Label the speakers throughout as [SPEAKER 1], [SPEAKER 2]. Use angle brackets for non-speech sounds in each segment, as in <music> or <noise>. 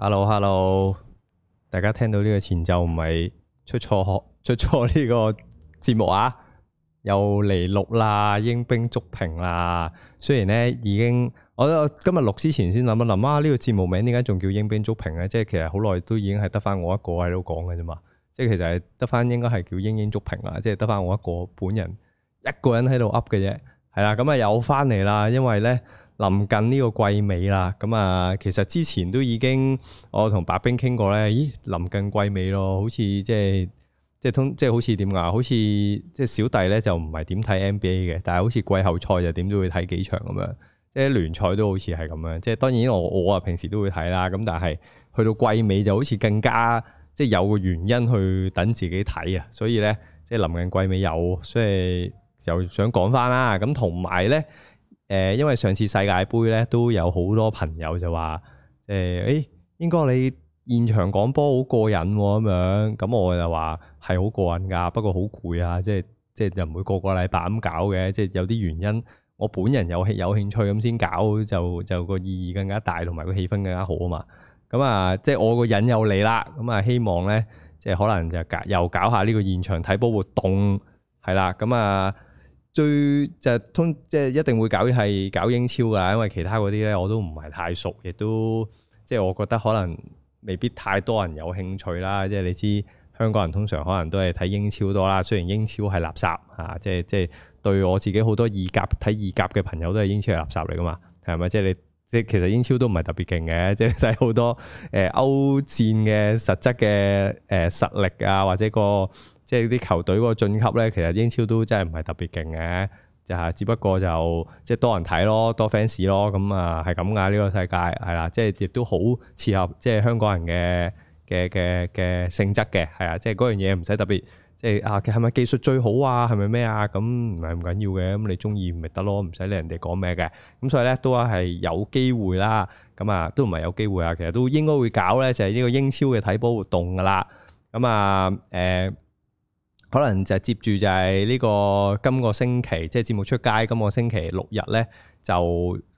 [SPEAKER 1] hello hello，大家聽到呢個前奏唔係出錯學出錯呢個節目啊，又嚟錄啦，鷹兵足評啦。雖然呢已經，我覺得今日錄之前先諗一諗，啊呢個節目名點解仲叫鷹兵足評咧？即係其實好耐都已經係得翻我一個喺度講嘅啫嘛。即係其實係得翻應該係叫鷹鷹足評啦，即係得翻我一個本人一個人喺度噏嘅啫。係啦，咁啊又翻嚟啦，因為咧。臨近呢個季尾啦，咁啊，其實之前都已經我同白兵傾過咧，咦，臨近季尾咯，好似即係即係通即係好似點講啊？好似即係小弟咧就唔係點睇 NBA 嘅，但係好似季後賽就點都會睇幾場咁樣，即係聯賽都好似係咁樣。即係當然我我啊平時都會睇啦，咁但係去到季尾就好似更加即係有個原因去等自己睇啊，所以咧，即係臨近季尾有，所以就想講翻啦。咁同埋咧。誒，因為上次世界盃咧，都有好多朋友就話，誒、欸，誒，應該你現場講波好過癮咁樣，咁我就話係好過癮噶，不過好攰啊，即係即係就唔會個個禮拜咁搞嘅，即係有啲原因，我本人有興有興趣咁先搞，就就個意義更加大，同埋個氣氛更加好啊嘛，咁啊，即係我個癮又嚟啦，咁啊，希望咧，即係可能就搞又搞下呢個現場睇波活動，係啦，咁啊。最就通即係一定會搞係搞英超㗎，因為其他嗰啲咧我都唔係太熟，亦都即係我覺得可能未必太多人有興趣啦。即係你知香港人通常可能都係睇英超多啦，雖然英超係垃圾嚇，啊，即係即係對我自己好多意甲睇意甲嘅朋友都係英超係垃圾嚟㗎嘛，係咪？即係你即係其實英超都唔係特別勁嘅，即係睇好多誒、呃、歐戰嘅實質嘅誒實力啊，或者個。即係啲球隊嗰個進級咧，其實英超都真係唔係特別勁嘅，就係只不過就即係多人睇咯，多 fans 咯，咁啊係咁噶，呢個世界係啦，即係亦都好適合即係香港人嘅嘅嘅嘅性質嘅，係啊，即係嗰樣嘢唔使特別，即係啊係咪技術最好啊，係咪咩啊，咁唔係唔緊要嘅，咁你中意咪得咯，唔使理人哋講咩嘅，咁所以咧都話係有機會啦，咁啊都唔係有機會啊，其實都應該會搞咧，就係呢個英超嘅睇波活動噶啦，咁啊誒。可能就接住就係呢個今個星期，即係節目出街。今、這個星期六日咧，就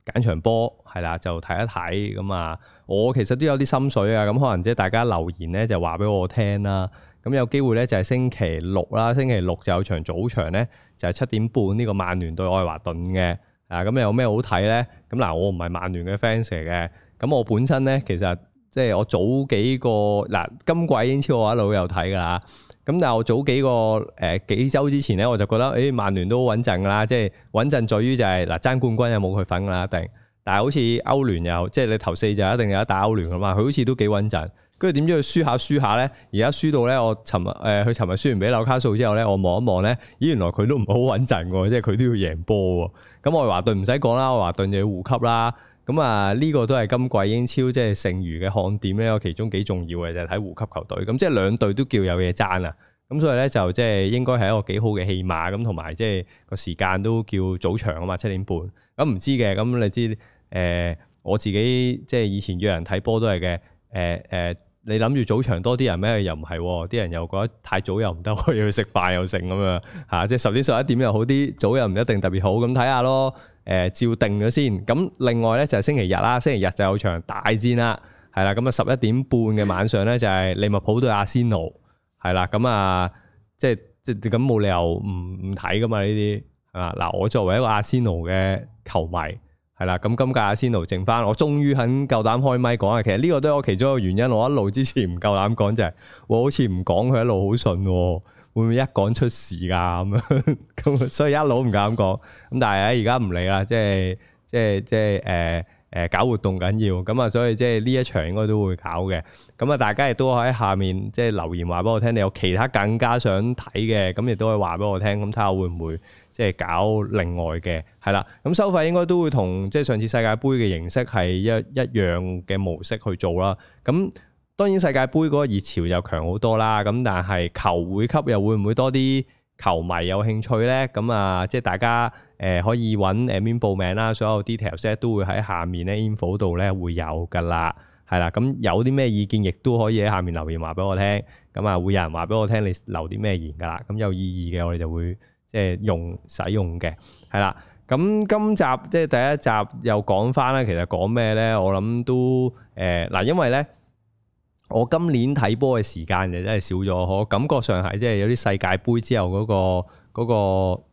[SPEAKER 1] 揀場波係啦，就睇一睇咁啊！我其實都有啲心水啊，咁、嗯、可能即係大家留言咧，就話俾我聽啦。咁、嗯、有機會咧，就係星期六啦，星期六就有場早場咧，就係、是、七點半呢、這個曼聯對愛華頓嘅啊！咁、嗯、有咩好睇咧？咁、啊、嗱，我唔係曼聯嘅 fans 嚟嘅，咁、嗯、我本身咧其實即係我早幾個嗱、啊、今季英超我一路有睇㗎啦。咁但係我早幾個誒、呃、幾周之前咧，我就覺得誒曼聯都好穩陣噶啦，即係穩陣在於就係嗱爭冠軍有冇佢份噶啦，一定但係好似歐聯又即係你頭四就一定有打歐聯，一打歐聯噶嘛，佢好似都幾穩陣。跟住點知佢輸下輸下咧，而家輸到咧，我尋日誒，佢尋日輸完俾紐卡素之後咧，我望一望咧，咦，原來佢都唔係好穩陣㗎，即係佢都要贏波。咁愛華頓唔使講啦，愛華頓又要護級啦。咁啊，呢、嗯這個都係今季英超，即係剩餘嘅看點咧，有其中幾重要嘅就係、是、睇護級球隊。咁、嗯、即係兩隊都叫有嘢爭啊。咁、嗯、所以咧就即係應該係一個幾好嘅戲碼。咁同埋即係個時間都叫早場啊嘛，七點半。咁、嗯、唔知嘅，咁、嗯、你知誒、呃，我自己即係以前約人睇波都係嘅。誒、呃、誒。呃你諗住早場多啲人咩？又唔係、哦，啲人又覺得太早又唔得，要去食飯又成咁樣吓，即係十點十一點又好啲，早又唔一定特別好，咁睇下咯。誒、呃，照定咗先。咁另外咧就係、是、星期日啦，星期日就有場大戰啦，係啦。咁啊十一點半嘅晚上咧就係、是、利物浦對阿仙奴，係啦。咁啊，即係即係咁冇理由唔唔睇㗎嘛呢啲。啊嗱，我作為一個阿仙奴嘅球迷。係啦，咁今屆阿仙奴剩翻，我終於肯夠膽開麥講啊！其實呢個都係我其中一個原因，我一路之前唔夠膽講，就係、是、我好似唔講佢一路好順，會唔會一講出事噶咁樣？咁 <laughs> 所以一路唔夠膽講，咁但係咧而家唔理啦，即係即係即係誒。呃誒搞活動緊要，咁啊，所以即係呢一場應該都會搞嘅。咁啊，大家亦都喺下面即係留言話俾我聽，你有其他更加想睇嘅，咁亦都可以話俾我聽。咁睇下會唔會即係搞另外嘅，係啦。咁收費應該都會同即係上次世界盃嘅形式係一一樣嘅模式去做啦。咁當然世界盃嗰個熱潮又強好多啦。咁但係球會級又會唔會多啲球迷有興趣咧？咁啊，即係大家。誒可以揾誒邊報名啦，所有 details 咧都會喺下面咧 info 度咧會有噶啦，係啦，咁有啲咩意見亦都可以喺下面留言話俾我聽，咁啊會有人話俾我聽你留啲咩言噶啦，咁有意義嘅我哋就會即係用使用嘅，係啦，咁今集即係第一集又講翻啦，其實講咩咧，我諗都誒嗱，因為咧我今年睇波嘅時間就真係少咗，我感覺上係即係有啲世界盃之後嗰個嗰個。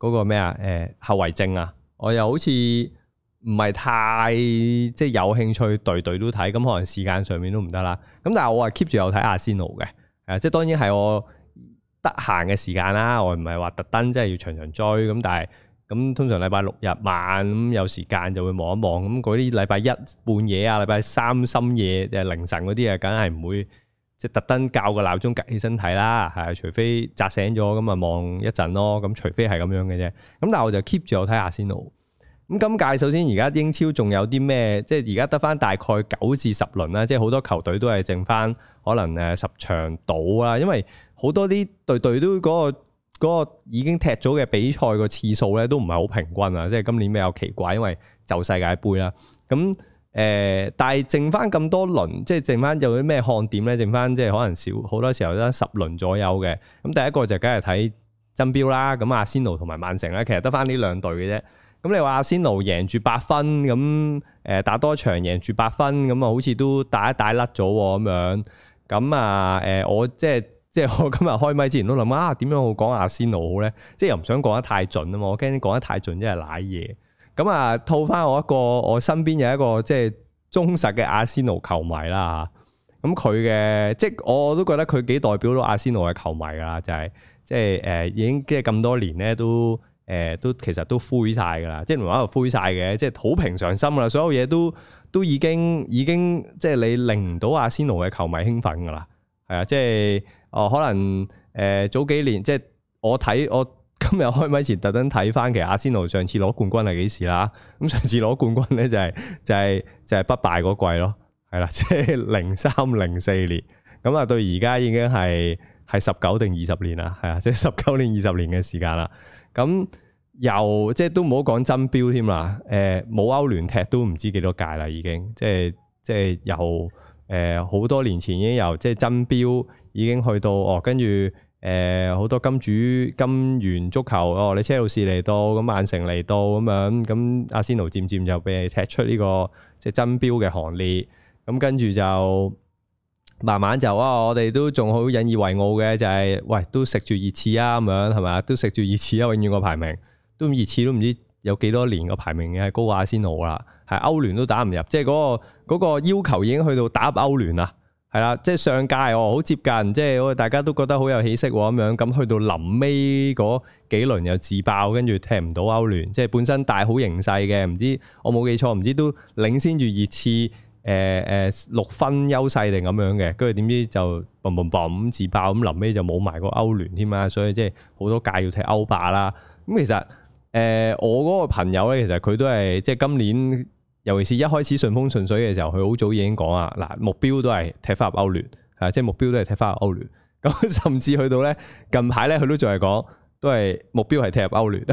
[SPEAKER 1] 嗰個咩啊？誒後遺症啊！我又好似唔係太即係有興趣，隊隊都睇，咁可能時間上面都唔得啦。咁但係我係 keep 住有睇阿仙奴嘅，係啊，即係當然係我得閒嘅時間啦。我唔係話特登即係要長長追，咁但係咁通常禮拜六日晚咁有時間就會望一望。咁嗰啲禮拜一半夜啊，禮拜三深夜即係凌晨嗰啲啊，梗係唔會。即係特登教個鬧鐘趌起身睇啦，係除非扎醒咗咁啊，望一陣咯，咁除非係咁樣嘅啫。咁但係我就 keep 住我睇下先咯。咁今屆首先而家英超仲有啲咩？即係而家得翻大概九至十輪啦，即係好多球隊都係剩翻可能誒十場到啦。因為好多啲隊隊都嗰個嗰個已經踢咗嘅比賽個次數咧都唔係好平均啊。即係今年比較奇怪，因為就世界盃啦咁。誒、呃，但係剩翻咁多輪，即係剩翻有啲咩看點咧？剩翻即係可能少好多時候都十輪左右嘅。咁、嗯、第一個就梗係睇爭標啦。咁、嗯、阿仙奴同埋曼城咧，其實得翻呢兩隊嘅啫。咁、嗯、你話阿仙奴贏住八分，咁、嗯、誒打多場贏住八分，咁、嗯、啊好似都打一帶甩咗咁樣。咁啊誒，我即係即係我今日開咪之前都諗啊，點樣好講阿仙奴好咧？即係又唔想講得太準啊嘛，我驚講得太準即係瀨嘢。咁啊、嗯，套翻我一個，我身邊有一個即係忠實嘅阿仙奴球迷啦。咁佢嘅，即係我都覺得佢幾代表到阿仙奴嘅球迷噶啦，就係即係誒，已經即係咁多年咧，都誒都其實都灰晒噶啦，即係唔係話灰晒嘅，即係好平常心啦。所有嘢都都已經已經即係你令唔到阿仙奴嘅球迷興奮噶啦。係啊，即係哦，可能誒早幾年即係我睇我。今日開咪前特登睇翻，其實阿仙奴上次攞冠軍係幾時啦？咁上次攞冠軍咧就係、是、就係、是、就係、是、不敗嗰季咯，係啦，即係零三零四年。咁啊，到而家已經係係十九定二十年啦，係啊，即係十九年二十年嘅時間啦。咁又即係都唔好講爭標添啦。誒，冇歐聯踢都唔知幾多屆啦，已經即係即係由誒好、呃、多年前已經由即係爭標已經去到哦，跟住。誒好、呃、多金主、金元足球哦，你車路士嚟到，咁曼城嚟到，咁樣咁阿仙奴漸漸就俾人踢出呢、這個即係爭標嘅行列，咁跟住就慢慢就啊、哦，我哋都仲好引以為傲嘅就係、是，喂都食住熱刺啊咁樣係咪啊？都食住熱刺啊，永遠個排名，都熱刺都唔知有幾多年個排名係高過阿仙奴啦，係歐聯都打唔入，即係嗰、那個那個要求已經去到打入歐聯啦。係啦，即係 <music> 上屆我好接近，即係大家都覺得好有氣息喎咁樣。咁去到臨尾嗰幾輪又自爆，跟住踢唔到歐聯，即係本身大好形勢嘅。唔知我冇記錯，唔知都領先住熱刺，誒、呃、誒六分優勢定咁樣嘅。跟住點知就嘣嘣嘣自爆，咁臨尾就冇埋個歐聯添啦。所以即係好多屆要踢歐霸啦。咁其實誒、呃、我嗰個朋友咧，其實佢都係即係今年。尤其是一開始順風順水嘅時候，佢好早已經講啊！嗱，目標都係踢翻入歐聯，啊，即係目標都係踢翻入歐聯。咁甚至去到咧，近排咧，佢都仲係講，都係目標係踢入歐聯，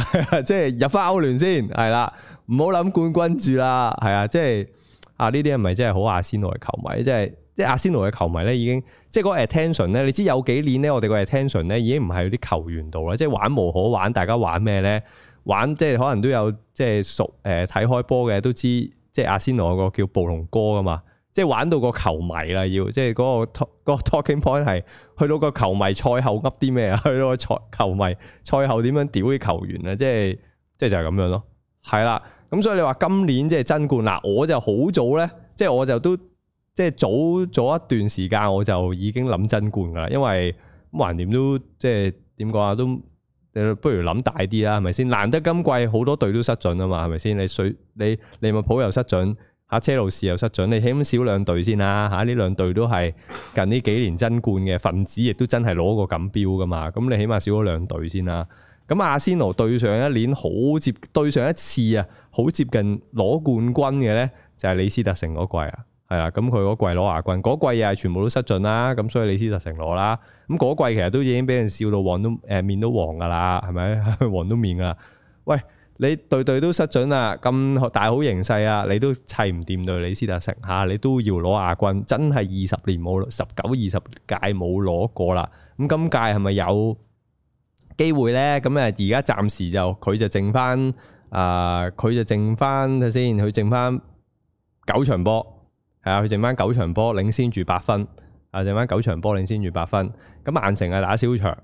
[SPEAKER 1] 即係入翻歐，歐， <laughs> 歐聯先，係啦，唔好諗冠軍住啦，係啊，即係啊呢啲係咪真係好阿仙奴嘅球迷？即係即係阿仙奴嘅球迷咧，已經即係嗰個 attention 咧，你知有幾年咧，我哋個 attention 咧已經唔係嗰啲球員度啦，即係玩無可玩，大家玩咩咧？玩即係可能都有即係熟誒睇、呃、開波嘅都知。即係阿仙奴個叫暴龍哥啊嘛，即係玩到個球迷啦，要即係嗰個 talking point 係去到個球迷賽後噏啲咩啊？去到個賽球迷賽後點樣屌啲球員啊？即係即係就係、是、咁樣咯，係啦。咁所以你話今年即係爭冠啦，我就好早咧，即係我就都即係早咗一段時間，我就已經諗爭冠噶啦，因為橫掂都即係點講啊都。你不如諗大啲啦，係咪先？難得今季好多隊都失準啊嘛，係咪先？你水你利物浦又失準，吓車路士又失準，你起碼少兩隊先啦。吓呢兩隊都係近呢幾年爭冠嘅分子，亦都真係攞過錦標㗎嘛。咁你起碼少咗兩隊先啦。咁阿仙奴對上一年好接對上一次啊，好接近攞冠軍嘅咧，就係李斯特城嗰季啊。係啦，咁佢嗰季攞亞軍，嗰季又係全部都失準啦，咁所以李斯特城攞啦。咁嗰季其實都已經俾人笑到黃都誒、呃、面都黃噶啦，係咪黃都面噶？喂，你對對都失準啦，咁大好形勢啊，你都砌唔掂對李斯特城吓、啊，你都要攞亞軍，真係二十年冇十九二十屆冇攞過啦。咁今屆係咪有機會咧？咁誒，而家暫時就佢就剩翻啊，佢、呃、就剩翻睇先，佢剩翻九場波。係啊，佢剩翻九場波，領先住八分。啊，剩翻九場波，領先住八分。咁曼城係打少場，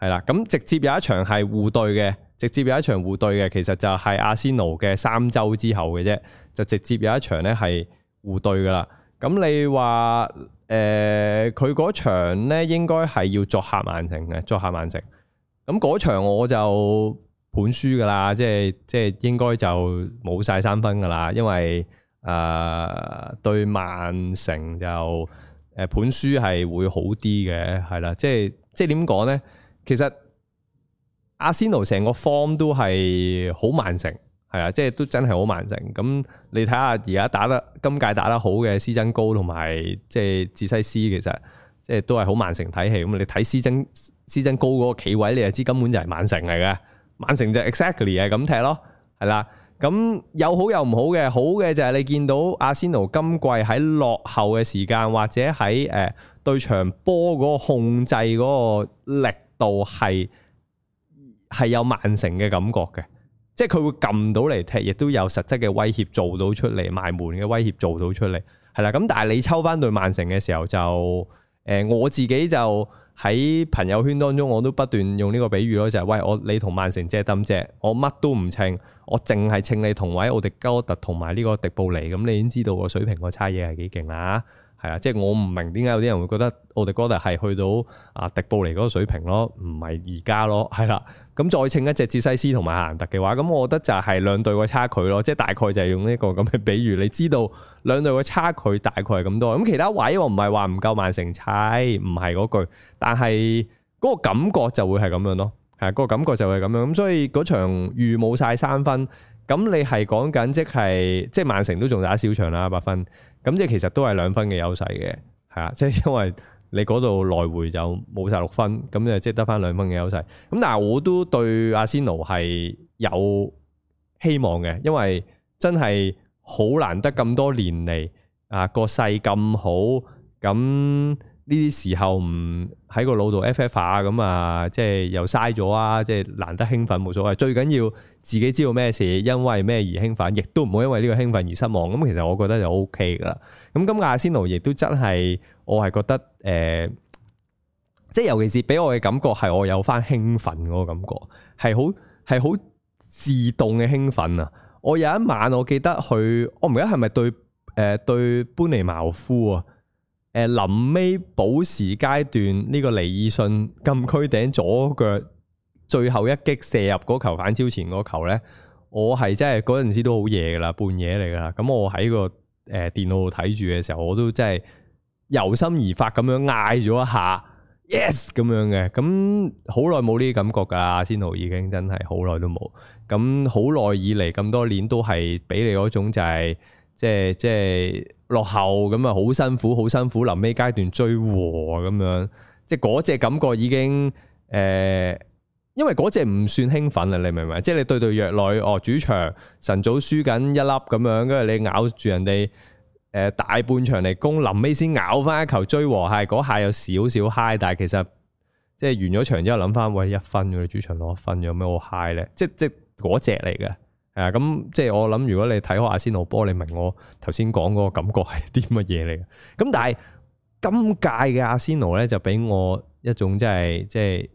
[SPEAKER 1] 係啦。咁、嗯、直接有一場係互對嘅，直接有一場互對嘅，其實就係阿仙奴嘅三週之後嘅啫，就直接有一場咧係互對噶啦。咁、嗯、你話誒，佢、呃、嗰場咧應該係要作客曼城嘅，作客曼城。咁、嗯、嗰場我就盤輸噶啦，即係即係應該就冇晒三分噶啦，因為，誒、呃，對曼城就誒，本身係會好啲嘅，係啦，即係即係點講咧？其實阿仙奴成個 form 都係好曼城，係啊，即係都真係好曼城。咁你睇下而家打得今屆打得好嘅施珍高同埋即係治西斯，其實即係都係好曼城睇戲。咁你睇施珍施珍高嗰個企位，你就知根本就係曼城嚟嘅，曼城就 exactly 係咁踢咯，係啦。咁有好有唔好嘅，好嘅就係你見到阿仙奴今季喺落後嘅時間或者喺誒、呃、對場波嗰個控制嗰個力度係係有曼城嘅感覺嘅，即係佢會撳到嚟踢，亦都有實質嘅威脅做到出嚟，埋門嘅威脅做到出嚟，係啦。咁但係你抽翻對曼城嘅時候就誒、呃，我自己就。喺朋友圈當中，我都不斷用呢個比喻咯，就係、是、喂我你同曼城借擔借，我乜都唔稱，我淨係稱你同位奧迪戈特同埋呢個迪布尼，咁你已經知道個水平個差嘢係幾勁啦。係啊，即係我唔明點解有啲人會覺得奧迪哥特係去到啊迪布尼嗰個水平咯，唔係而家咯，係啦。咁再稱一隻哲西斯同埋阿蘭特嘅話，咁我覺得就係兩隊嘅差距咯，即係大概就係用呢個咁嘅比喻，你知道兩隊嘅差距大概係咁多。咁其他位我唔係話唔夠曼城踩，唔係嗰句，但係嗰個感覺就會係咁樣咯，係嗰個感覺就會係咁樣。咁所以嗰場預冇晒三分，咁你係講緊即係即係曼城都仲打少場啦，八分。咁即係其實都係兩分嘅優勢嘅，係啊，即係因為你嗰度來回就冇晒六分，咁就即係得翻兩分嘅優勢。咁但係我都對阿仙奴係有希望嘅，因為真係好難得咁多年嚟啊個勢咁好咁。呢啲時候唔喺個腦度 FF 下咁啊，即係又嘥咗啊！即係難得興奮冇所謂，最緊要自己知道咩事，因為咩而興奮，亦都唔好因為呢個興奮而失望。咁其實我覺得就 OK 㗎喇。咁咁亞仙奴亦都真係，我係覺得誒，即係尤其是俾我嘅感覺係我有翻興奮嗰個感覺，係好係好自動嘅興奮啊！我有一晚我記得佢，我唔記得係咪對誒對般尼茅夫啊。誒，臨尾補時階段，呢個尼爾遜禁區頂左腳最後一擊射入嗰球反超前嗰球咧，我係真係嗰陣時都好夜噶啦，半夜嚟噶啦。咁我喺個誒電腦度睇住嘅時候，我都真係由心而發咁樣嗌咗一下 yes 咁樣嘅。咁好耐冇呢啲感覺噶，阿仙奴已經真係好耐都冇。咁好耐以嚟咁多年都係俾你嗰種就係即係即係。即係即係落後咁啊，好辛苦，好辛苦。臨尾階段追和咁樣，即係嗰隻感覺已經誒、呃，因為嗰隻唔算興奮啊，你明唔明？即係你對對弱旅哦，主場晨早輸緊一粒咁樣，跟住你咬住人哋誒、呃、大半場嚟攻，臨尾先咬翻一球追和，係嗰下有少少嗨，但係其實即係完咗場之後諗翻，喂一分，你主場攞一分有咩好嗨 i 咧？即即嗰隻嚟嘅。係咁、啊、即係我諗，如果你睇開阿仙奴波，你明我頭先講嗰個感覺係啲乜嘢嚟嘅。咁但係今屆嘅阿仙奴咧，就俾我一種即係即係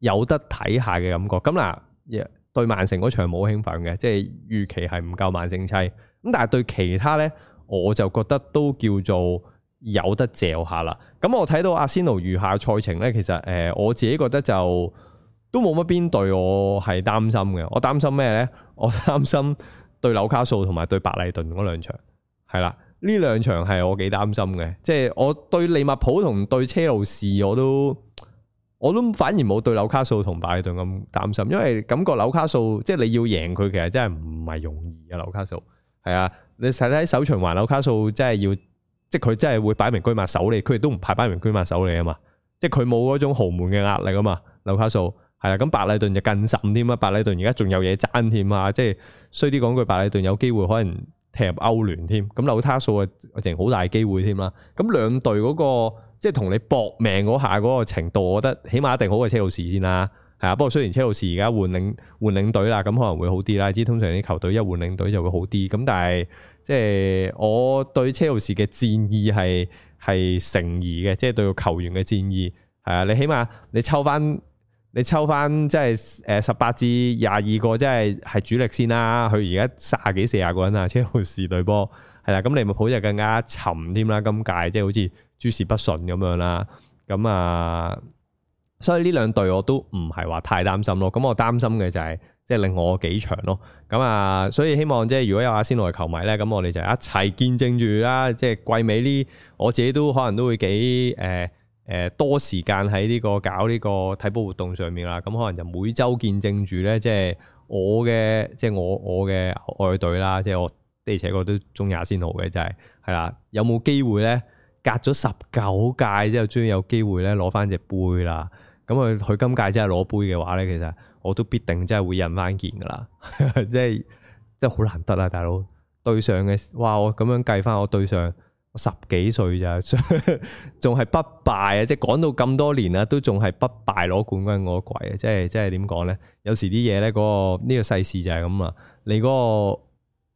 [SPEAKER 1] 有得睇下嘅感覺。咁、嗯、嗱，對曼城嗰場冇興奮嘅，即係預期係唔夠曼城砌。咁但係對其他咧，我就覺得都叫做有得嚼下啦。咁、嗯、我睇到阿仙奴餘下賽程咧，其實誒、呃，我自己覺得就。都冇乜邊隊我係擔心嘅，我擔心咩咧？我擔心對紐卡素同埋對白禮頓嗰兩場係啦，呢兩場係我幾擔心嘅。即係我對利物浦同對車路士，我都我都反而冇對紐卡素同白禮頓咁擔心，因為感覺紐卡素即係、就是、你要贏佢，其實真係唔係容易嘅紐卡素。係啊，你睇睇、就是、首循環紐卡素，真係要即係佢真係會擺明居馬守你，佢亦都唔怕擺明居馬守你啊嘛。即係佢冇嗰種豪門嘅壓力啊嘛，紐卡素。係啊，咁白禮頓就更甚添啊！白禮頓而家仲有嘢爭添啊，即係衰啲講句，白禮頓有機會可能踢入歐聯添，咁紐卡素啊，剩好大機會添啦。咁兩隊嗰個即係同你搏命嗰下嗰個程度，我覺得起碼一定好過車路士先啦。係啊，不過雖然車路士而家換領換領隊啦，咁可能會好啲啦。即通常啲球隊一換領隊就會好啲，咁但係即係我對車路士嘅戰意係係誠意嘅，即係、就是、對球員嘅戰意。係啊。你起碼你抽翻。你抽翻即係誒十八至廿二個，即係係主力先啦。佢而家卅幾四十個人啊，車路士隊波係啦。咁利物浦就更加沉添啦。今屆即係好似諸事不順咁樣啦。咁啊，所以呢兩隊我都唔係話太擔心咯。咁我擔心嘅就係即係令我幾長咯。咁啊，所以希望即係如果有阿仙奴嘅球迷咧，咁我哋就一齊見證住啦。即係季尾呢，我自己都可能都會幾誒。呃誒多時間喺呢個搞呢個睇波活動上面啦，咁可能就每週見證住咧，即係我嘅，即係我我嘅愛隊啦，即係我，而且我都中廿先好嘅，真係係啦。有冇機會咧？隔咗十九屆之後，終於有機會咧攞翻隻杯啦。咁佢佢今屆真係攞杯嘅話咧，其實我都必定真係會印翻件噶啦，即係即係好難得啊，大佬對上嘅哇！我咁樣計翻，我對上。十幾歲咋，仲係不敗啊！即係講到咁多年啦，都仲係不敗攞冠軍，嗰個鬼啊！即係即係點講咧？有時啲嘢咧，嗰個呢個世事就係咁啊！你嗰個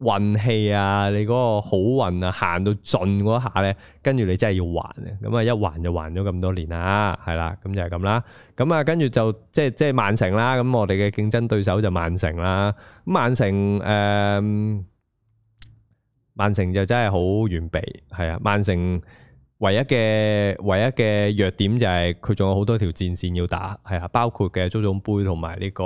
[SPEAKER 1] 運氣啊，你嗰個好運啊，行到盡嗰下咧，跟住你真係要還嘅。咁啊，一還就還咗咁多年啦，係啦，咁就係咁啦。咁啊，跟住就即係即係曼城啦。咁我哋嘅競爭對手就曼城啦。咁曼城誒。呃曼城就真係好完備，係啊！曼城唯一嘅唯一嘅弱點就係佢仲有好多條戰線要打，係啊！包括嘅足總杯同埋呢個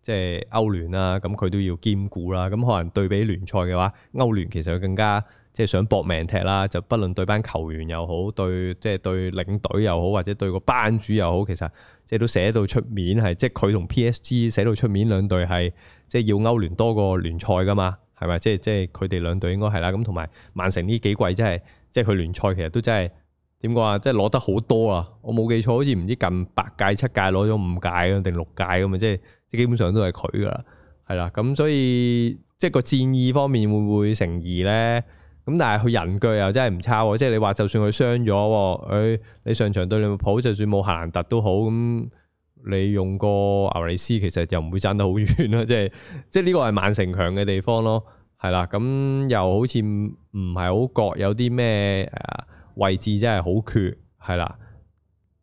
[SPEAKER 1] 即係歐聯、啊、啦，咁佢都要兼顧啦。咁可能對比聯賽嘅話，歐聯其實佢更加即係想搏命踢啦，就不論對班球員又好，對即係、就是、對領隊又好，或者對個班主又好，其實即係都寫到出面係，即係佢同 PSG 寫到出面兩隊係即係要歐聯多過聯賽噶嘛。係咪？即係即係佢哋兩隊應該係啦，咁同埋曼城呢幾季真係，即係佢聯賽其實都真係點講啊，即係攞得好多啊！我冇記錯，好似唔知近八屆、七屆攞咗五屆定六屆咁即係即係基本上都係佢噶啦，係啦，咁所以即係個戰意方面會唔會成疑咧？咁但係佢人腳又真係唔差喎，即係你話就算佢傷咗，佢、哎、你上場對利物浦就算冇夏蘭特都好咁。你用過牛里斯，其實又唔會爭得好遠啦，即係即係呢個係曼城強嘅地方咯，係啦，咁又好似唔係好覺有啲咩誒位置真係好缺，係啦，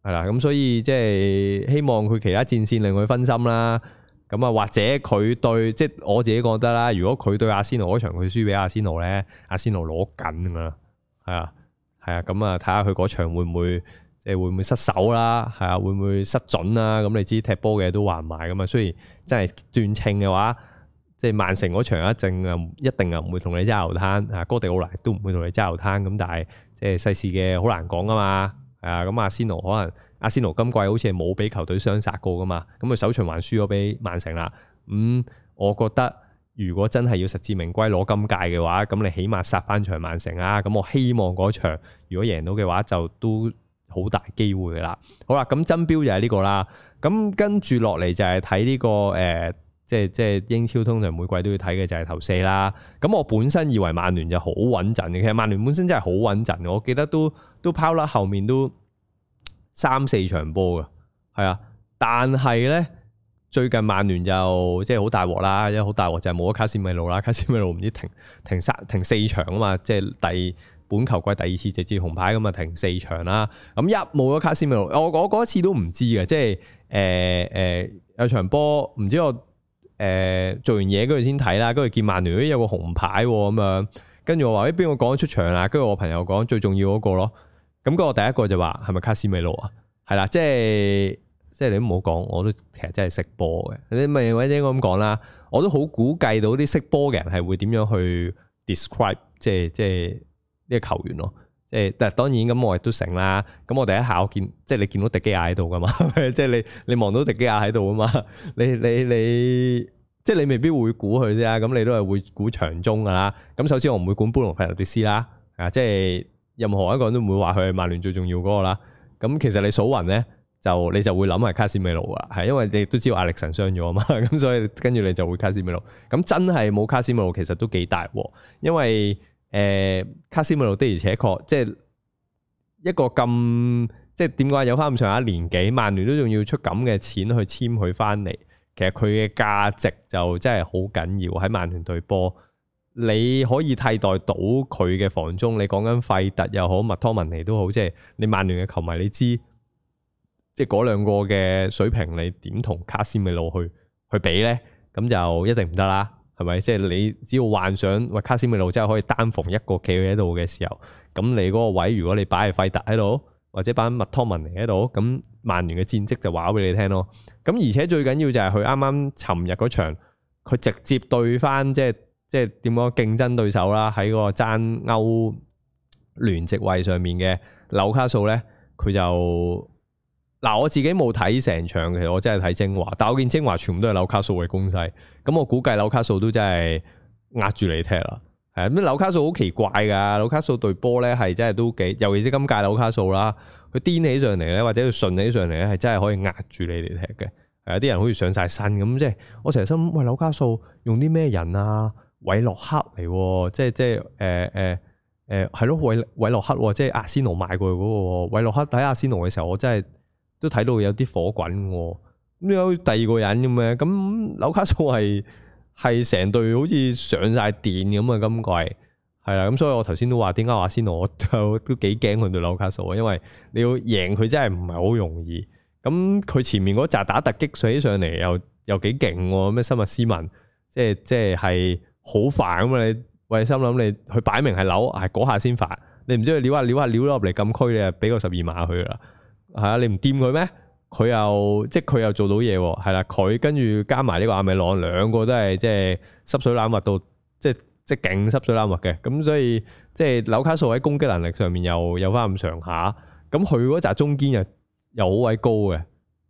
[SPEAKER 1] 係啦，咁所以即係希望佢其他戰線令佢分心啦，咁啊或者佢對即係我自己覺得啦，如果佢對阿仙奴嗰場佢輸俾阿仙奴咧，阿仙奴攞緊啊，係啊係啊，咁啊睇下佢嗰場會唔會？誒會唔會失手啦？係啊，會唔會失準啦，啊？咁你知踢波嘅嘢都話唔埋噶嘛。雖然真係奪稱嘅話，即係曼城嗰場一定啊，一定啊唔會同你揸流攤啊。哥迪奧拿都唔會同你揸流攤。咁但係即係世事嘅好難講噶嘛。係啊，咁阿仙奴可能阿仙奴今季好似係冇俾球隊雙殺過噶嘛。咁佢首場還輸咗俾曼城啦。咁我覺得如果真係要實至名歸攞金界嘅話，咁你起碼殺翻場曼城啊。咁我希望嗰場如果贏到嘅話，就都。好大機會啦！好啦，咁真標就係呢個啦。咁跟住落嚟就係睇呢個誒、呃，即係即係英超通常每季都要睇嘅就係頭四啦。咁我本身以為曼聯就好穩陣嘅，其實曼聯本身真係好穩陣。我記得都都拋甩後面都三四場波嘅，係啊。但係咧，最近曼聯又即係好大鑊啦，因為好大鑊就係冇咗卡斯米露啦。卡斯米露唔知停停三停，停四場啊嘛，即係第。本球季第二次直接紅牌咁啊，停四場啦。咁一冇咗卡斯米露，我嗰次都唔知嘅，即係誒誒有場波，唔知我誒、呃、做完嘢嗰陣先睇啦，跟住見曼聯有個紅牌咁樣，跟住我話咦，邊個講得出場啦？跟住我朋友講最重要嗰、那個咯。咁個第一個就話係咪卡斯米露啊？係啦，即係即係你都唔好講，我都其實真係識波嘅。你咪或者應該咁講啦，我都好估計到啲識波嘅人係會點樣去 describe，即係即係。呢個球員咯，即係但係當然咁我亦都成啦。咁我第一下我見，即係你見到迪基亞喺度噶嘛？即係你你望到迪基亞喺度啊嘛？你你你，即係你未必會估佢啫啊！咁你都係會估場中噶啦。咁首先我唔會估布隆費洛迪斯啦，啊，即係任何一個都唔會話佢係曼聯最重要嗰個啦。咁其實你數雲咧，就你就會諗係卡斯米路啦，係因為你都知道艾歷臣傷咗啊嘛。咁所以跟住你就會卡斯米路。咁真係冇卡斯米路，其實都幾大鑊喎，因為。誒、呃、卡斯米魯的而且確，即係一個咁即係點講有翻咁上下年紀，曼聯都仲要出咁嘅錢去簽佢翻嚟，其實佢嘅價值就真係好緊要喺曼聯對波。你可以替代到佢嘅防中，你講緊費特又好，麥托文尼都好，即係你曼聯嘅球迷，你知即係嗰兩個嘅水平，你點同卡斯米魯去去比咧？咁就一定唔得啦。係咪？即係你只要幻想或卡斯米路真係可以單逢一個企喺度嘅時候，咁你嗰個位，如果你擺係費特喺度，或者擺麥托文喺度，咁曼聯嘅戰績就話俾你聽咯。咁而且最緊要就係佢啱啱尋日嗰場，佢直接對翻即係即係點講競爭對手啦，喺個爭歐聯席位上面嘅紐卡素咧，佢就。嗱，我自己冇睇成場嘅，其實我真係睇精華。但我見精華全部都係紐卡素嘅攻勢，咁我估計紐卡素都真係壓住你踢啦。係啊，紐卡素好奇怪噶，紐卡素對波咧係真係都幾，尤其是今屆紐卡素啦，佢癲起上嚟咧，或者佢順起上嚟咧，係真係可以壓住你哋踢嘅。係啊，啲人好似上晒身咁，即係我成日心諗，喂紐卡素用啲咩人啊？韋洛克嚟，即係即係誒誒誒，係咯韋韋洛克，即係阿仙奴買過嗰個韋洛克，睇阿仙奴嘅時候我真係。都睇到有啲火滾喎，哦，咁有第二個人咁咧，咁樓卡數係係成隊好似上晒電咁啊！今季係啦，咁所以我頭先都話點解話先我都都幾驚佢對樓卡數啊。因為你要贏佢真係唔係好容易。咁佢前面嗰集打突擊水上嚟又又幾勁喎！咩生物斯文，即係即係係好煩咁啊！喂，心諗你佢擺明係樓，係嗰下先煩，你唔知佢撩下撩下撩咗入嚟禁區，你啊畀個十二碼佢啦。係啊，你唔掂佢咩？佢又即係佢又做到嘢啊，係啦。佢跟住加埋呢個阿米朗，兩個都係即係濕水欖密到，即係即係勁濕水欖密嘅。咁所以即係紐卡素喺攻擊能力上面又有翻咁上下。咁佢嗰扎中堅又又好鬼高嘅，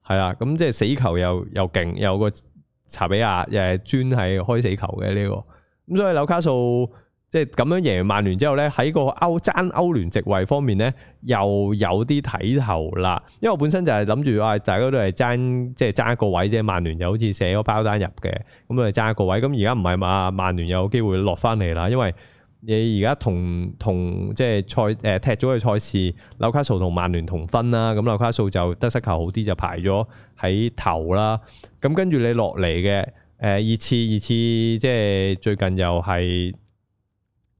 [SPEAKER 1] 係啦。咁即係死球又又勁，又有個查比亞又係專係開死球嘅呢個。咁所以紐卡素。即係咁樣贏完曼聯之後咧，喺個歐爭歐聯席位方面咧，又有啲睇頭啦。因為我本身就係諗住啊，大家都係爭即係爭一個位啫。曼聯又好似寫個包單入嘅，咁啊爭一個位。咁而家唔係嘛，曼聯有機會落翻嚟啦。因為你而家同同即係賽誒踢咗嘅賽事，紐卡素同曼聯同分啦。咁紐卡素就得失球好啲，就排咗喺頭啦。咁跟住你落嚟嘅誒熱刺熱刺，熱刺，即係最近又係。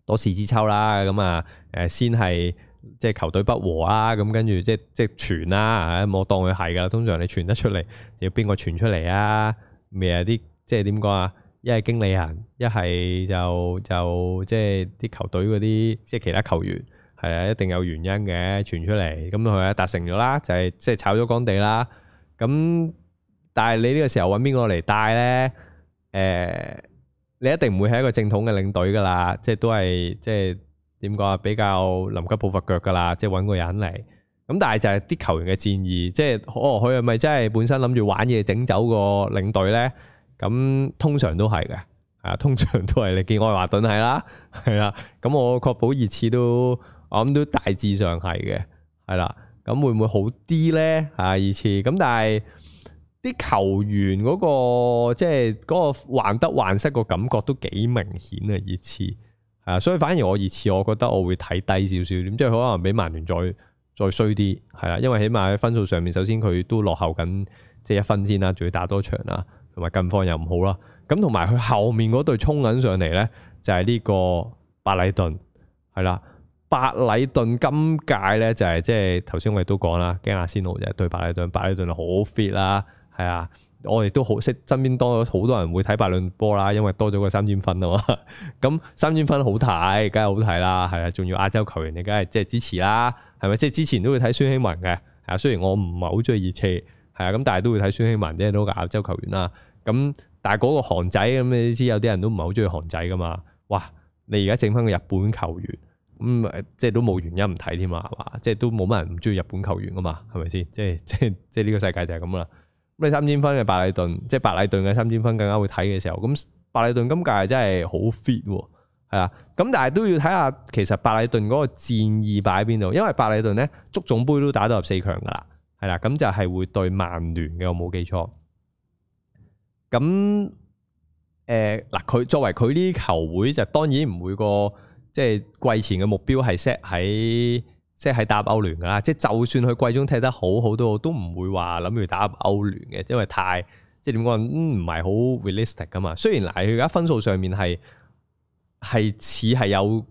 [SPEAKER 1] 多事之秋啦，咁啊，誒先係即係球隊不和啊，咁跟住即係即係傳啦，我當佢係噶，通常你傳得出嚟，就要邊個傳出嚟啊？咩啊啲即係點講啊？一係經理人，一係就，就就即係啲球隊嗰啲即係其他球員，係啊，一定有原因嘅傳出嚟，咁佢啊達成咗啦，就係即係炒咗干地啦。咁但係你呢個時候揾邊個嚟帶咧？誒、呃。你一定唔會係一個正統嘅領隊噶啦，即係都係即係點講啊？比較臨急抱佛腳噶啦，即係揾個人嚟。咁但係就係啲球員嘅戰意，即係哦，佢係咪真係本身諗住玩嘢整走個領隊咧？咁通常都係嘅，啊，通常都係你見愛華頓係啦，係啦。咁我確保熱刺都，我諗都大致上係嘅，係啦。咁會唔會好啲咧？啊，熱刺咁，但係。啲球員嗰、那個即係嗰個患得患失個感覺都幾明顯啊！熱刺係啊，所以反而我熱刺，我覺得我會睇低少少，咁即係可能比曼聯再再衰啲係啊，因為起碼喺分數上面，首先佢都落後緊即係一分先啦，仲要打多場啊，同埋近況又唔好啦。咁同埋佢後面嗰隊衝緊上嚟咧，就係呢個百禮頓係啦。百禮頓今屆咧就係即係頭先我哋都講啦，驚阿仙奴就係對百禮頓，百禮頓好 fit 啊！係啊，我哋都好識身邊多咗好多人會睇白論波啦，因為多咗個三千分啊嘛。咁三千分好睇，梗係好睇啦。係啊，仲要亞洲球員，你梗係即係支持啦，係咪？即係之前都會睇孫興文嘅，係啊。雖然我唔係好中意熱刺，係啊，咁但係都會睇孫興文，即係都個亞洲球員啦。咁但係嗰個韓仔咁，你知有啲人都唔係好中意韓仔㗎嘛？哇！你而家整返個日本球員，咁，嗯，即係都冇原因唔睇添嘛？係嘛？即係都冇乜人唔中意日本球員噶嘛？係咪先？即係即係即係呢個世界就係咁啦。咩三千分嘅白禮頓，即係白禮頓嘅三千分更加會睇嘅時候，咁白禮頓今屆係真係好 fit 喎，係啦，咁但係都要睇下，其實白禮頓嗰個戰意擺喺邊度，因為白禮頓咧足總杯都打到入四強噶啦，係啦，咁就係會對曼聯嘅，我冇記錯。咁誒，嗱、呃，佢作為佢啲球會，就當然唔會個即係季前嘅目標係 set 喺。即係打歐聯噶啦，即係就算佢季中踢得好好都，好，都唔會話諗住打歐聯嘅，因為太即係點講，嗯、唔係好 realistic 啊嘛。雖然嗱，佢而家分數上面係係似係有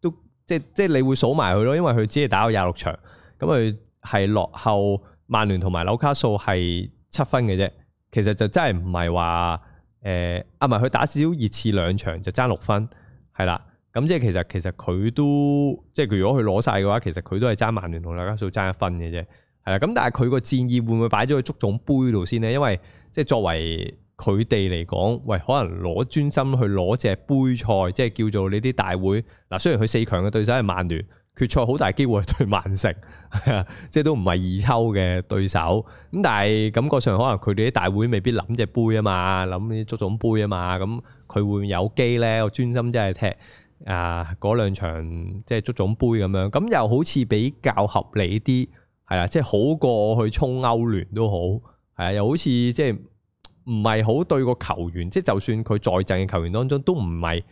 [SPEAKER 1] 都即即係你會數埋佢咯，因為佢只係打到廿六場，咁佢係落後曼聯同埋紐卡素係七分嘅啫。其實就真係唔係話誒啊，唔係佢打少少熱刺兩場就爭六分係啦。咁即係其實其實佢都即係，如果佢攞晒嘅話，其實佢都係爭曼聯同兩家數爭一分嘅啫。係啦，咁但係佢個戰意會唔會擺咗去足總杯度先呢？因為即係作為佢哋嚟講，喂，可能攞專心去攞隻杯賽，即係叫做呢啲大會。嗱，雖然佢四強嘅對手係曼聯，決賽好大機會係對曼城，即係都唔係二抽嘅對手。咁但係感覺上可能佢哋啲大會未必諗隻杯啊嘛，諗啲足總杯啊嘛。咁佢會唔會有機呢？我專心真係踢。啊，嗰兩場即係足總杯咁樣，咁又好似比較合理啲，係啊，即係好過去衝歐聯都好，係啊，又好似即係唔係好對個球員，即係就算佢在陣嘅球員當中都唔係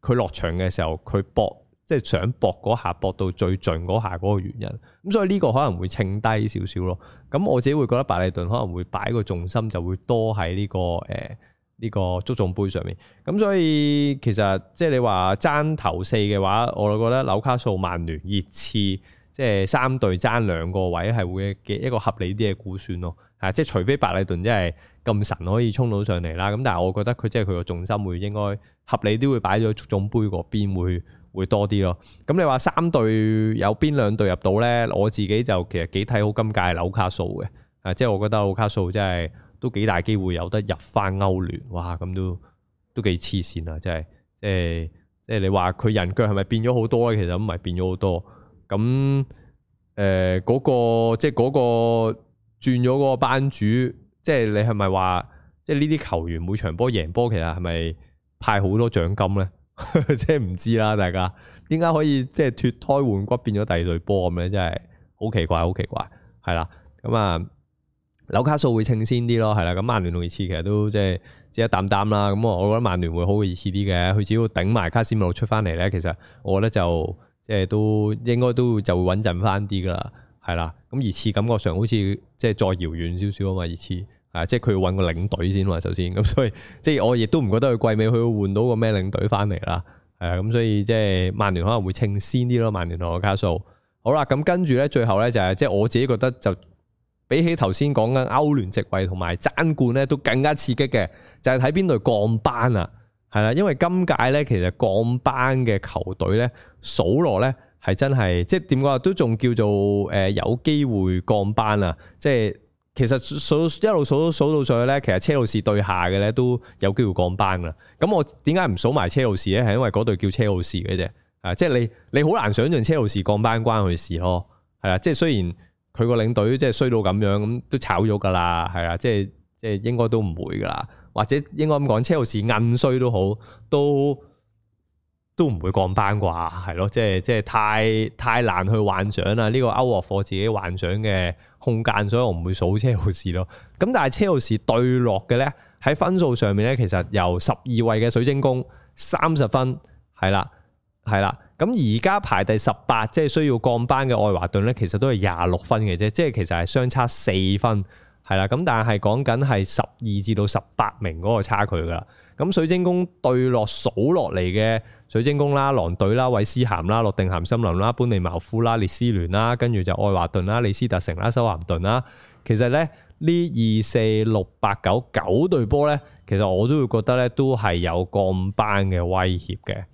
[SPEAKER 1] 佢落場嘅時候，佢搏即係想搏嗰下，搏到最盡嗰下嗰個原因。咁所以呢個可能會稱低少少咯。咁我自己會覺得白利頓可能會擺個重心就會多喺呢個誒。呃呢個足總杯上面，咁所以其實即係你話爭頭四嘅話，我就覺得紐卡素曼聯、曼聯熱刺，即、就、係、是、三隊爭兩個位係會嘅一個合理啲嘅估算咯，嚇、啊！即係除非白禮頓真係咁神可以衝到上嚟啦，咁、啊、但係我覺得佢即係佢個重心會應該合理啲會擺咗足總杯嗰邊會，會多啲咯。咁、啊、你話三隊有邊兩隊入到咧？我自己就其實幾睇好今屆紐卡素嘅，啊！即係我覺得紐卡素真係。都幾大機會有得入翻歐聯，哇！咁都都幾黐線啊，即係即係即係你話佢人腳係咪變咗好多？其實唔係變咗好多。咁誒，嗰、呃嗰個即係嗰個轉咗嗰個班主，即係你係咪話即係呢啲球員每場波贏波，其實係咪派好多獎金咧？ <laughs> 即係唔知啦，大家點解可以即係脫胎換骨變咗第二隊波咁咧？真係好奇怪，好奇怪，係啦，咁啊。紐卡素會清鮮啲咯，係啦，咁曼聯同熱刺其實都即係一擔擔啦，咁我我覺得曼聯會好熱刺啲嘅，佢只要頂埋卡斯米路出翻嚟咧，其實我咧就即係都應該都就會穩陣翻啲噶，係啦，咁熱刺感覺上好似即係再遙遠少少啊嘛，熱刺，啊，即係佢要搵個領隊先嘛，首先，咁所，所以即係我亦都唔覺得佢季尾，佢會換到個咩領隊翻嚟啦，係啊，咁所以即係曼聯可能會清鮮啲咯，曼聯同我卡素，好啦，咁跟住咧最後咧就係、是、即係我自己覺得就。比起頭先講緊歐聯席位同埋爭冠咧，都更加刺激嘅，就係睇邊隊降班啊，係啦，因為今屆咧其實降班嘅球隊咧數落咧係真係，即係點講啊，都仲叫做誒有機會降班啊，即係其實數一路數到數到上去咧，其實車路士對下嘅咧都有機會降班噶啦，咁我點解唔數埋車路士咧？係因為嗰隊叫車路士嘅啫，啊，即係你你好難想象車路士降班關佢事咯，係啊，即係雖然。佢個領隊即係衰到咁樣，咁都炒咗噶啦，係啊，即係即係應該都唔會噶啦，或者應該咁講，車路士韌衰都好，都都唔會降班啩，係咯，即係即係太太難去幻想啦，呢、這個歐樂課自己幻想嘅空間，所以我唔會數車路士咯。咁但係車路士對落嘅咧，喺分數上面咧，其實由十二位嘅水晶宮三十分，係啦，係啦。咁而家排第十八，即係需要降班嘅愛華頓咧，其實都係廿六分嘅啫，即係其實係相差四分，係啦。咁但係講緊係十二至到十八名嗰個差距㗎啦。咁水晶宮對落數落嚟嘅水晶宮啦、狼隊啦、韋斯咸啦、洛定咸森林啦、本尼茅夫啦、列斯聯啦，跟住就愛華頓啦、李斯特城啦、修咸頓啦，其實咧呢二四六八九九隊波咧，其實我都會覺得咧都係有降班嘅威脅嘅。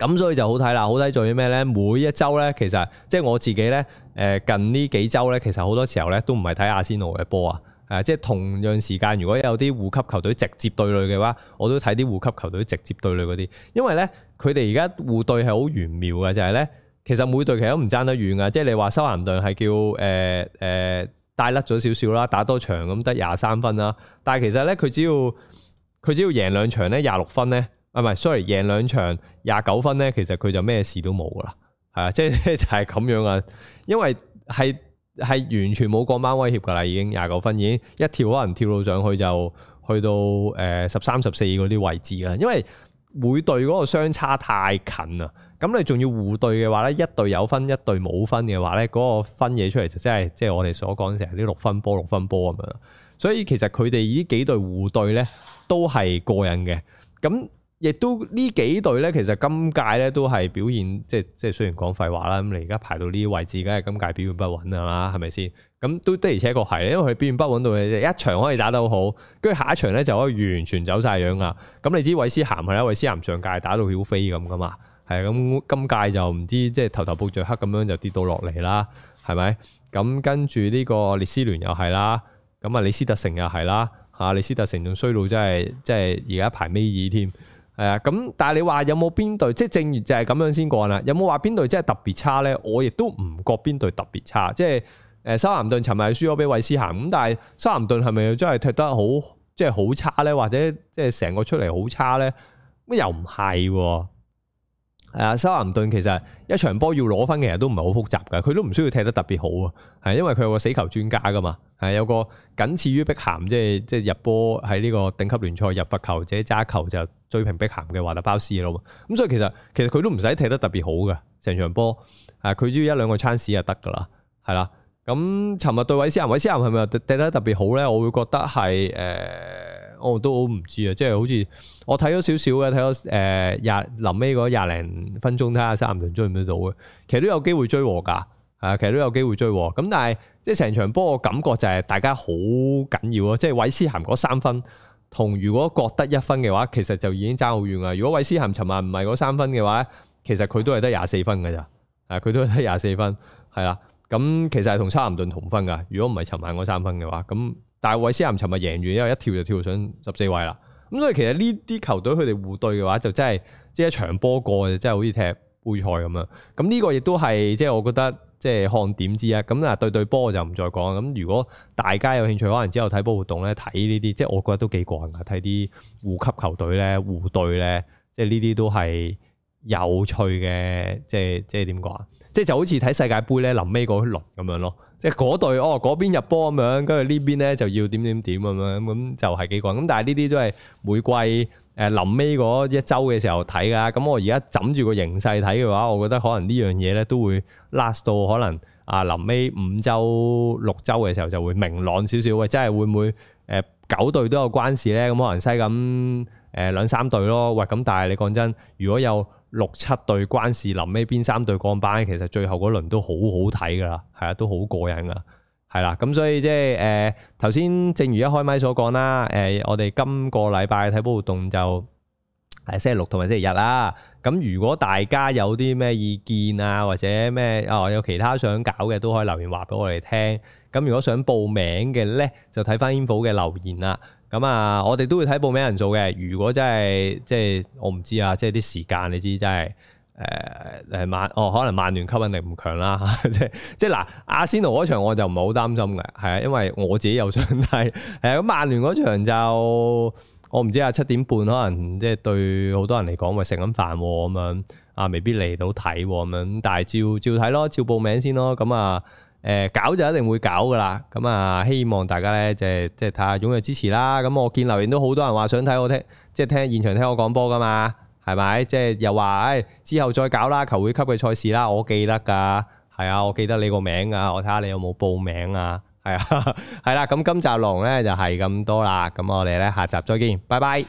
[SPEAKER 1] 咁所以就好睇啦，好睇在於咩咧？每一周咧，其實即係我自己咧，誒，近呢幾周咧，其實好多時候咧，都唔係睇阿仙奴嘅波啊，誒，即係同樣時間，如果有啲護級球隊直接對壘嘅話，我都睇啲護級球隊直接對壘嗰啲，因為咧，佢哋而家護隊係好玄妙嘅，就係咧，其實每隊其實都唔爭得遠啊，即係你話修咸頓係叫誒誒，帶甩咗少少啦，打多場咁得廿三分啦，但係其實咧，佢只要佢只要贏兩場咧，廿六分咧。啊唔係，sorry，贏兩場廿九分咧，其實佢就咩事都冇噶啦，係啊，即係就係、是、咁樣啊，因為係係完全冇過班威脅噶啦，已經廿九分已經一跳可能跳到上去就去到誒十三十四嗰啲位置啦，因為每隊嗰個相差太近啊，咁你仲要互對嘅話咧，一隊有分一隊冇分嘅話咧，嗰、那個分嘢出嚟就真係即係我哋所講成啲六分波六分波咁樣，所以其實佢哋呢幾隊互對咧都係過癮嘅，咁。亦都幾隊呢幾隊咧，其實今屆咧都係表現，即係即係雖然講廢話啦。咁你而家排到呢啲位置，梗係今屆表現不穩啦，係咪先？咁都的而且確係，因為佢表現不穩到嘅，一場可以打得好好，跟住下一場咧就可以完全走晒樣噶。咁你知韋斯咸係啦，韋斯咸上屆打到曉飛咁噶嘛？係咁今屆就唔知即係頭頭碰着黑咁樣就跌到落嚟啦，係咪？咁跟住呢個列斯聯又係啦，咁啊李斯特城又係啦，吓、啊、李斯特城仲衰到真係，即係而家排尾二添。係啊，咁、嗯、但係你話有冇邊隊，即係正如就係咁樣先講啦。有冇話邊隊即係特別差咧？我亦都唔覺邊隊特別差。即係誒，修咸頓尋日輸咗俾韋斯咸，咁但係修咸頓係咪真係踢得好，即係好差咧？或者即係成個出嚟好差咧？乜又唔係？係啊，修咸頓其實一場波要攞分，其實都唔係好複雜噶，佢都唔需要踢得特別好啊，係因為佢有個死球專家噶嘛，係有個僅次於碧咸，即係即係入波喺呢個頂級聯賽入罰球或者揸球就追平碧咸嘅華特包斯咯，咁所以其實其實佢都唔使踢得特別好嘅，成場波，係佢只要一兩個差士就得噶啦，係啦，咁尋日對韋斯咸，韋斯咸係咪踢得特別好咧？我會覺得係誒。呃我、哦、都好唔知啊，即係好似我睇咗少少嘅，睇咗誒廿臨尾嗰廿零分鐘，睇下 <music> 三聯追唔追到嘅？其實都有機會追和嘅，係其實都有機會追和。和。咁但係即係成場波我感覺就係大家好緊要咯。即係韋斯咸嗰三分同如果得一分嘅話，其實就已經爭好遠啦。如果韋斯咸尋晚唔係嗰三分嘅話，其實佢都係得廿四分嘅咋？係、啊、佢都係得廿四分，係啦。咁其實係同三聯同分噶。如果唔係尋晚嗰三分嘅話，咁。但係韋斯亞唔尋日贏完，因為一跳就跳上十四位啦。咁所以其實呢啲球隊佢哋互對嘅話，就真係即係一場波過，就真係好似踢杯賽咁樣。咁呢個亦都係即係我覺得即係、就是、看點之一。咁啊對對波我就唔再講。咁如果大家有興趣，可能之後睇波活動咧，睇呢啲即係我覺得都幾過癮啊！睇啲護級球隊咧、互對咧，即係呢啲都係有趣嘅。即係即係點講啊？即、就、係、是就是、就好似睇世界盃咧，臨尾嗰輪咁樣咯。即係嗰隊哦，嗰邊入波咁樣，跟住呢邊咧就要點點點咁樣，咁就係幾個人。咁但係呢啲都係每季誒臨尾嗰一週嘅時候睇㗎。咁我而家枕住個形勢睇嘅話，我覺得可能呢樣嘢咧都會 last 到可能啊臨尾五週六週嘅時候就會明朗少少。喂，真係會唔會誒九隊都有關事咧？咁可能西咁誒兩三隊咯。喂，咁但係你講真，如果有六七隊關事，臨尾邊三隊降班，其實最後嗰輪都好好睇噶啦，係啊，都好過癮噶，係啦。咁所以即係誒頭先，呃、正如一開咪所講啦，誒、呃、我哋今個禮拜體育活動就係星期六同埋星期日啦。咁如果大家有啲咩意見啊，或者咩啊、哦，有其他想搞嘅，都可以留言話俾我哋聽。咁如果想報名嘅咧，就睇翻 Info 嘅留言啦。咁啊，我哋都會睇報名人數嘅。如果真係即係我唔知啊，即係啲時間你知真係誒誒曼哦，可能曼聯吸引力唔強啦嚇。 <laughs> 即係即係嗱，阿仙奴嗰場我就唔係好擔心嘅，係啊，因為我自己有想睇。係咁曼聯嗰場就我唔知啊，七點半可能即係對好多人嚟講咪食緊飯咁樣啊，未必嚟到睇咁樣。但係照照睇咯，照報名先咯。咁啊～誒搞就一定會搞噶啦，咁啊希望大家咧即係即係睇下踴躍支持啦。咁我見留言都好多人話想睇我聽，即係聽現場聽我講波噶嘛，係咪？即係又話誒之後再搞啦，球會級嘅賽事啦，我記得噶，係啊，我記得你個名啊，我睇下你有冇報名啊，係啊，係啦，咁今集龍咧就係咁多啦，咁我哋咧下集再見，拜拜。